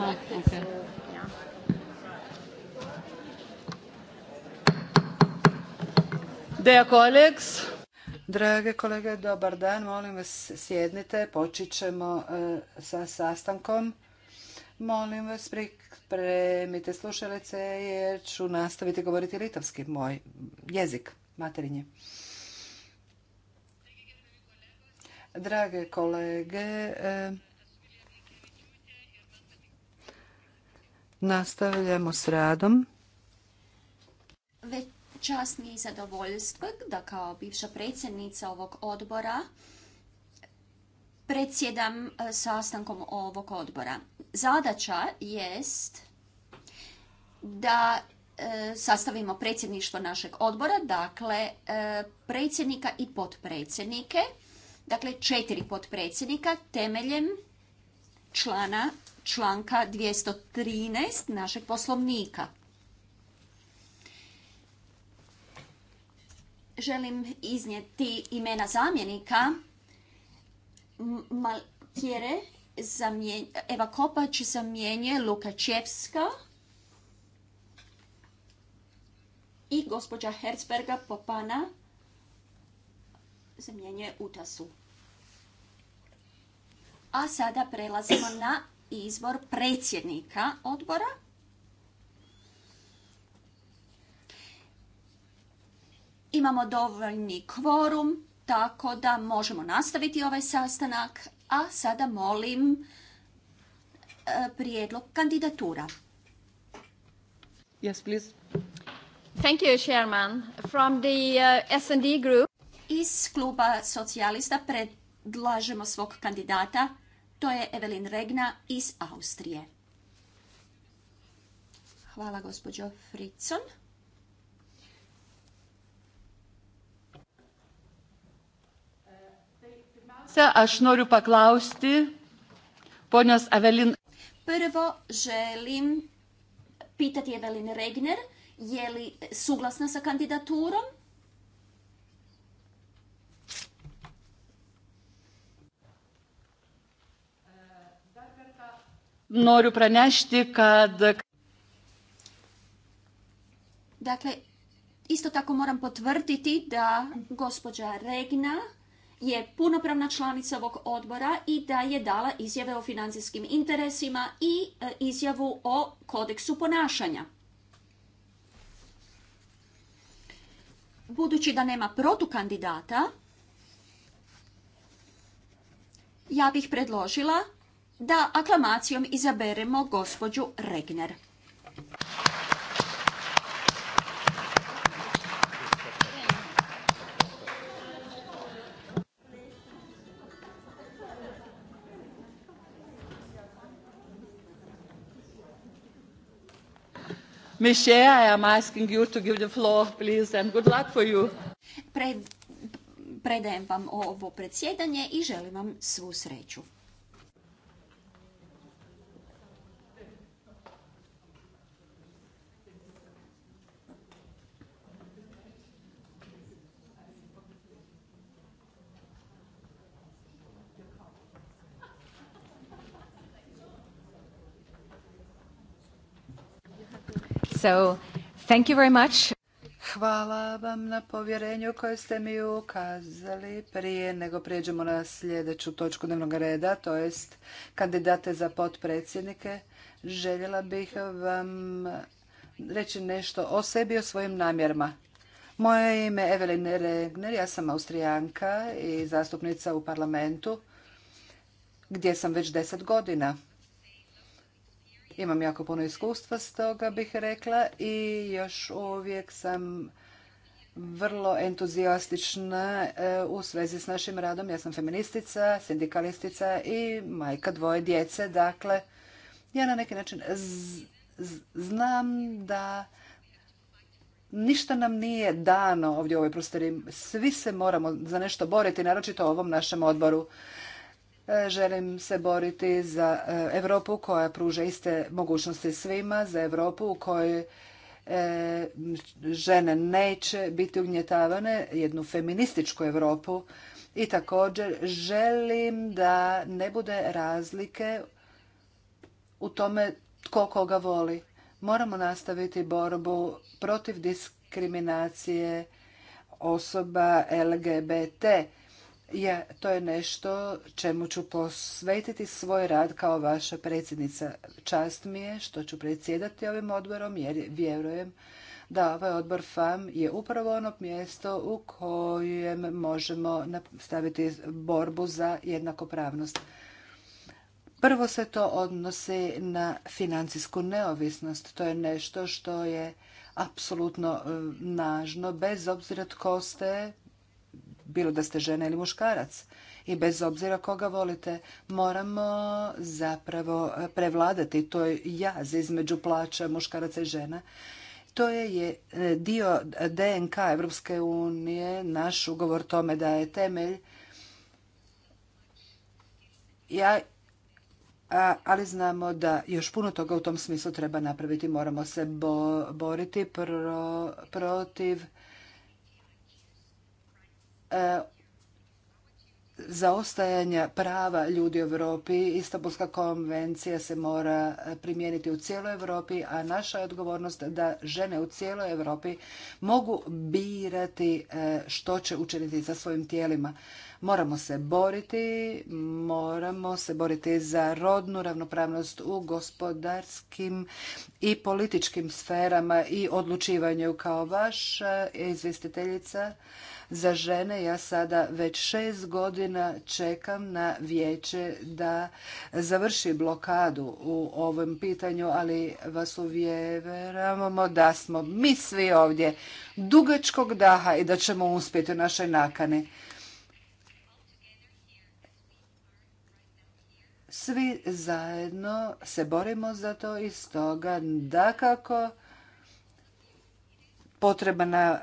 Ah, Drage kolege, dobar dan. Molim vas sjednite. Počet ćemo eh, sa sastankom. Molim vas pripremite slušalice jer ću nastaviti govoriti litovski, moj jezik materinje. Drage kolege, eh, Nastavljamo s radom. Već čast mi je i zadovoljstvo da kao bivša predsjednica ovog odbora predsjedam e, sastankom ovog odbora. Zadaća jest da e, sastavimo predsjedništvo našeg odbora, dakle e, predsjednika i potpredsjednike, dakle četiri potpredsjednika temeljem člana članka 213 našeg poslovnika. Želim iznijeti imena zamjenika. Malkjere Eva Eva Kopač Luka Lukačevska i gospođa Herzberga Popana zamjenjuje Utasu. A sada prelazimo na izbor predsjednika odbora. Imamo dovoljni kvorum, tako da možemo nastaviti ovaj sastanak, a sada molim e, prijedlog kandidatura. Yes, please. Thank you, Chairman. From the uh, S&D group. Iz kluba socijalista pred predlažemo svog kandidata, to je Evelin Regna iz Austrije. Hvala gospođo Fritzon. Aš Prvo želim pitati Evelin Regner je li suglasna sa kandidaturom noriu pranešti kad... Dakle, isto tako moram potvrditi da gospođa Regna je punopravna članica ovog odbora i da je dala izjave o financijskim interesima i e, izjavu o kodeksu ponašanja. Budući da nema protukandidata, ja bih predložila da aklamacijom izaberemo gospođu Regner. Michelle, I am asking to give the floor, please, and good luck for you. predajem vam ovo predsjedanje i želim vam svu sreću. So, thank you Hvala vam na povjerenju koje ste mi ukazali prije nego prijeđemo na sljedeću točku dnevnog reda, to jest kandidate za potpredsjednike. Željela bih vam reći nešto o sebi i o svojim namjerama. Moje ime je Regner, ja sam Austrijanka i zastupnica u parlamentu gdje sam već deset godina. Imam jako puno iskustva stoga bih rekla i još uvijek sam vrlo entuzijastična e, u svezi s našim radom. Ja sam feministica, sindikalistica i majka dvoje djece. Dakle, ja na neki način znam da ništa nam nije dano ovdje u ovoj prostoriji. Svi se moramo za nešto boriti, naročito u ovom našem odboru. Želim se boriti za Europu koja pruža iste mogućnosti svima, za Europu u kojoj e, žene neće biti ugnjetavane, jednu feminističku Europu i također želim da ne bude razlike u tome tko koga voli. Moramo nastaviti borbu protiv diskriminacije osoba LGBT je, to je nešto čemu ću posvetiti svoj rad kao vaša predsjednica. Čast mi je što ću predsjedati ovim odborom jer vjerujem da ovaj odbor FAM je upravo ono mjesto u kojem možemo staviti borbu za jednakopravnost. Prvo se to odnosi na financijsku neovisnost. To je nešto što je apsolutno eh, nažno, bez obzira tko ste, bilo da ste žena ili muškarac. I bez obzira koga volite, moramo zapravo prevladati to jaz između plaća muškaraca i žena. To je dio DNK Evropske unije, naš ugovor tome da je temelj. Ja ali znamo da još puno toga u tom smislu treba napraviti. Moramo se boriti protiv E, zaostajanja prava ljudi u Europi. Istanbulska konvencija se mora e, primijeniti u cijeloj Europi, a naša je odgovornost da žene u cijeloj Europi mogu birati e, što će učiniti sa svojim tijelima. Moramo se boriti, moramo se boriti za rodnu ravnopravnost u gospodarskim i političkim sferama i odlučivanju kao vaša izvjestiteljica za žene. Ja sada već šest godina čekam na vijeće da završi blokadu u ovom pitanju, ali vas uvjeravamo da smo mi svi ovdje dugačkog daha i da ćemo uspjeti u našoj nakani. svi zajedno se borimo za to i stoga dakako potrebna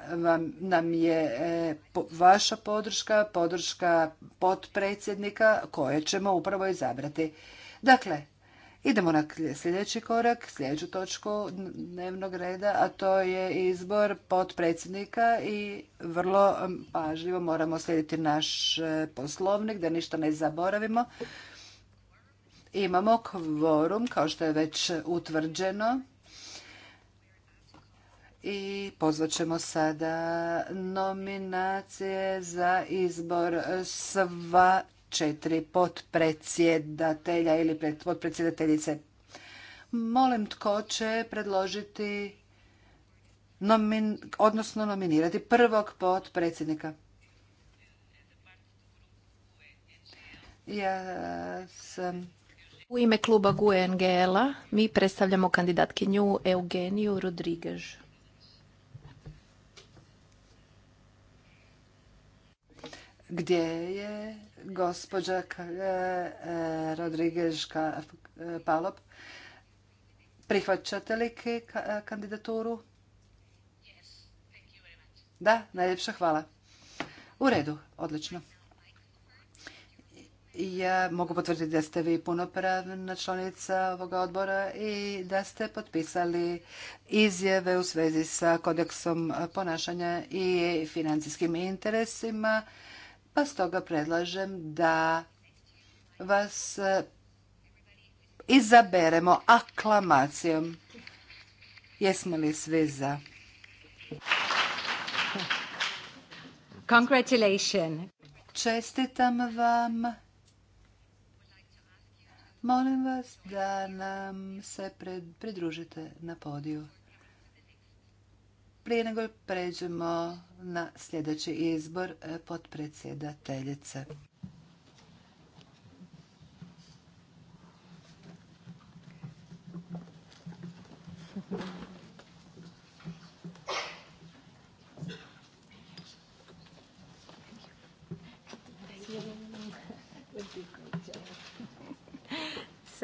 nam je e, vaša podrška, podrška potpredsjednika koje ćemo upravo izabrati. Dakle, idemo na sljedeći korak, sljedeću točku dnevnog reda, a to je izbor potpredsjednika i vrlo pažljivo moramo slijediti naš e, poslovnik da ništa ne zaboravimo. Imamo kvorum, kao što je već utvrđeno. I pozvat ćemo sada nominacije za izbor sva četiri potpredsjedatelja ili potpredsjedateljice. Molim tko će predložiti, odnosno nominirati prvog potpredsjednika. Ja sam u ime kluba GUE NGL-a mi predstavljamo kandidatkinju Eugeniju Rodrigež Gdje je gospođa e, Rodrigež Palop? Prihvaćate li kandidaturu? Da, najljepša hvala. U redu, odlično. Ja mogu potvrditi da ste vi punopravna članica ovoga odbora i da ste potpisali izjave u svezi sa kodeksom ponašanja i financijskim interesima, pa stoga predlažem da vas izaberemo aklamacijom. Jesmo li svi za? Congratulations. Čestitam vam Molim vas da nam se pridružite na podiju. Prije nego pređemo na sljedeći izbor e, potpredsjedateljice.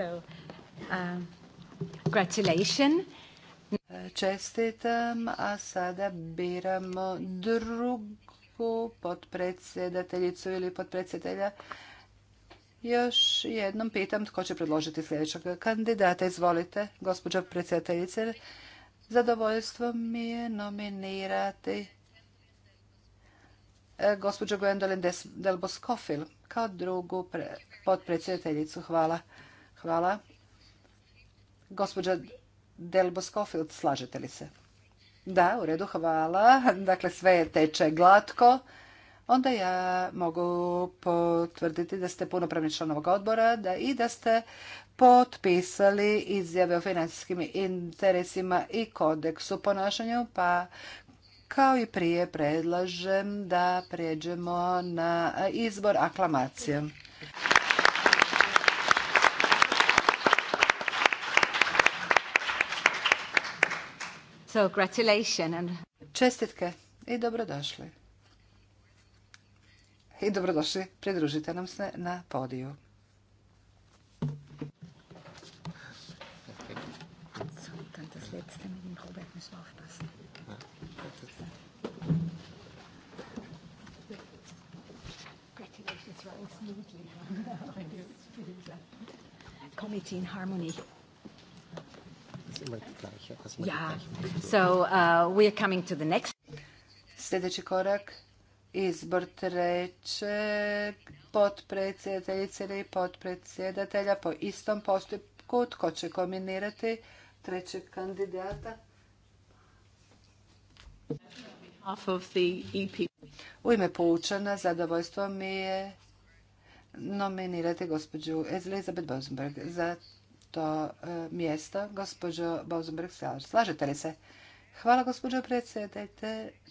Um, Čestitam, a sada biramo drugu podpredsjedateljicu ili potpredsjedatelja. Još jednom pitam tko će predložiti sljedećeg kandidata. Izvolite, gospođo predsjedateljice. Zadovoljstvo mi je nominirati e, gospođu Gwendolyn Delbos kao drugu potpredsjedateljicu. Hvala. Hvala. Gospođa Delbo Skofield, slažete li se? Da, u redu, hvala. Dakle, sve teče glatko. Onda ja mogu potvrditi da ste punopravni član odbora da i da ste potpisali izjave o financijskim interesima i kodeksu ponašanja, pa kao i prije predlažem da prijeđemo na izbor aklamacijom. So, congratulations. Čestitke i dobrodošli. I dobrodošli, pridružite nam se na podiju. Committee in harmony. Ja, uh, to the next. Sljedeći korak izbor treće potpredsjedateljice ili potpredsjedatelja po istom postupku tko će kombinirati trećeg kandidata. E U ime poučana zadovoljstvo mi je nominirati gospođu Elizabeth Bosenberg za to e, mjesta. Gospođo Bauzenberg, slažete li se? Hvala gospođo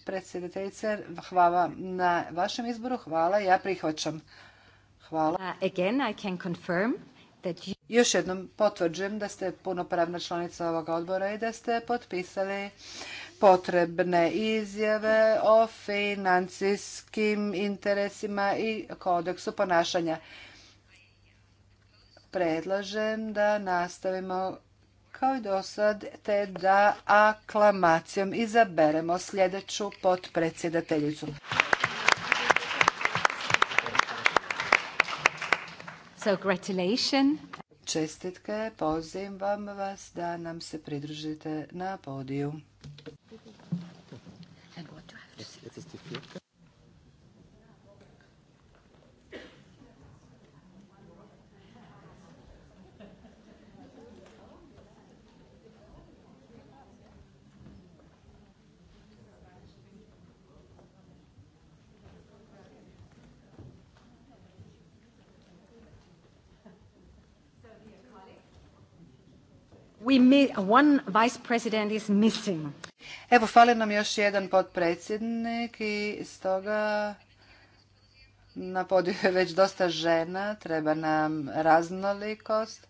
predsjedateljice, hvala na vašem izboru, hvala, ja prihvaćam. Hvala. Uh, again, I can confirm Još jednom potvrđujem da ste punopravna članica ovog odbora i da ste potpisali potrebne izjave o financijskim interesima i kodeksu ponašanja predlažem da nastavimo kao i do sad, te da aklamacijom izaberemo sljedeću potpredsjedateljicu. Čestitke, pozivam vas da nam se pridružite na podiju. Evo, fali nam još jedan podpredsjednik i stoga na podiju je već dosta žena, treba nam raznolikost.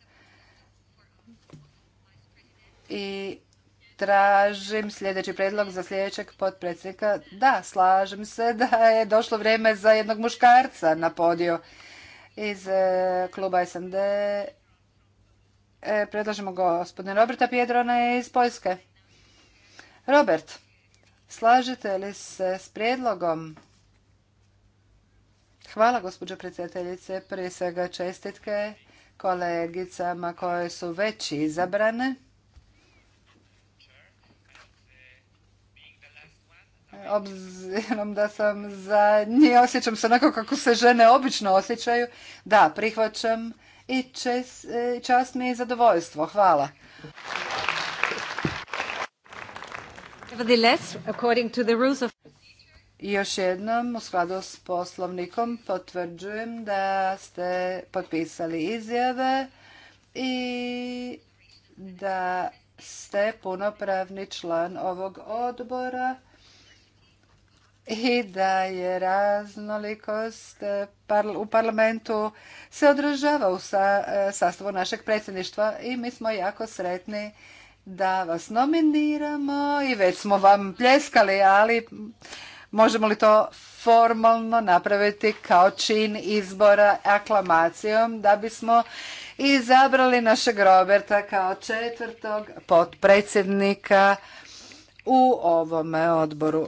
I tražim sljedeći predlog za sljedećeg potpredsjednika. Da, slažem se da je došlo vrijeme za jednog muškarca na podiju iz eh, kluba SND E, predlažemo gospodin Roberta Piedrona iz Poljske. Robert, slažete li se s prijedlogom? Hvala, gospođo predsjedateljice. Prije svega čestitke kolegicama koje su već izabrane. obzirom da sam za nje osjećam se onako kako se žene obično osjećaju. Da, prihvaćam i e, čast mi je zadovoljstvo. Hvala. Još jednom, u skladu s poslovnikom, potvrđujem da ste potpisali izjave i da ste punopravni član ovog odbora i da je raznolikost eh, u parlamentu se odražava u eh, sastavu našeg predsjedništva i mi smo jako sretni da vas nominiramo i već smo vam pljeskali, ali možemo li to formalno napraviti kao čin izbora aklamacijom da bismo izabrali našeg Roberta kao četvrtog potpredsjednika u ovome odboru.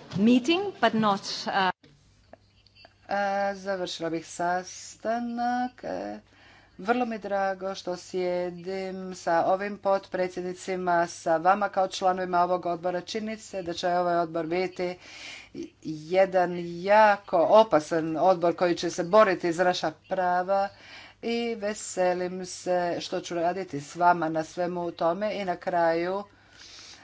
meeting, uh, Završila bih sastanak. E, vrlo mi drago što sjedim sa ovim potpredsjednicima, sa vama kao članovima ovog odbora. Čini se da će ovaj odbor biti jedan jako opasan odbor koji će se boriti za naša prava i veselim se što ću raditi s vama na svemu tome i na kraju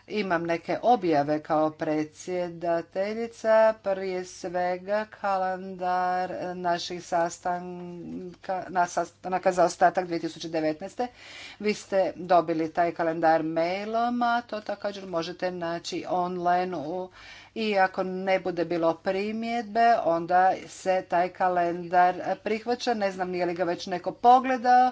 imam neke objave kao predsjedateljica, prije svega kalendar naših sastanka, sastanaka za ostatak 2019. Vi ste dobili taj kalendar mailom, a to također možete naći online u i ako ne bude bilo primjedbe, onda se taj kalendar prihvaća. Ne znam nije li ga već neko pogledao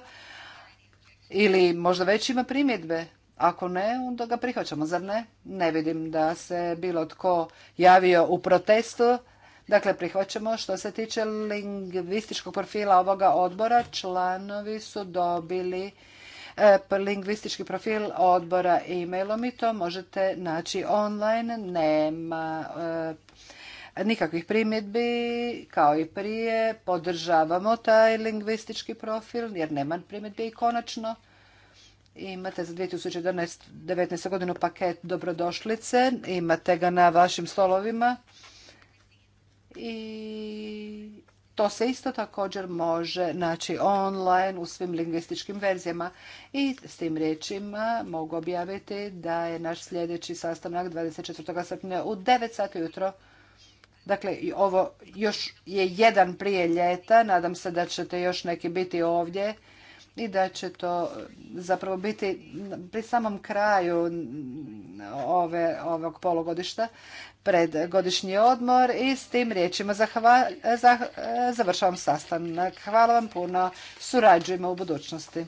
ili možda već ima primjedbe. Ako ne, onda ga prihvaćamo, zar ne? Ne vidim da se bilo tko javio u protestu. Dakle, prihvaćamo što se tiče lingvističkog profila ovoga odbora. Članovi su dobili e, lingvistički profil odbora e-mailom i to možete naći online. Nema e, nikakvih primjedbi, kao i prije. Podržavamo taj lingvistički profil jer nema primjedbi i konačno Imate za 2019. godinu paket dobrodošlice, imate ga na vašim stolovima i to se isto također može naći online u svim lingvističkim verzijama. I s tim riječima mogu objaviti da je naš sljedeći sastanak 24. srpnja u 9 sati jutro. Dakle, ovo još je jedan prije ljeta. Nadam se da ćete još neki biti ovdje i da će to e, zapravo biti pri samom kraju ove, ovog polugodišta pred godišnji odmor i s tim riječima zahva, e, završavam sastanak. Hvala vam puno, surađujemo u budućnosti.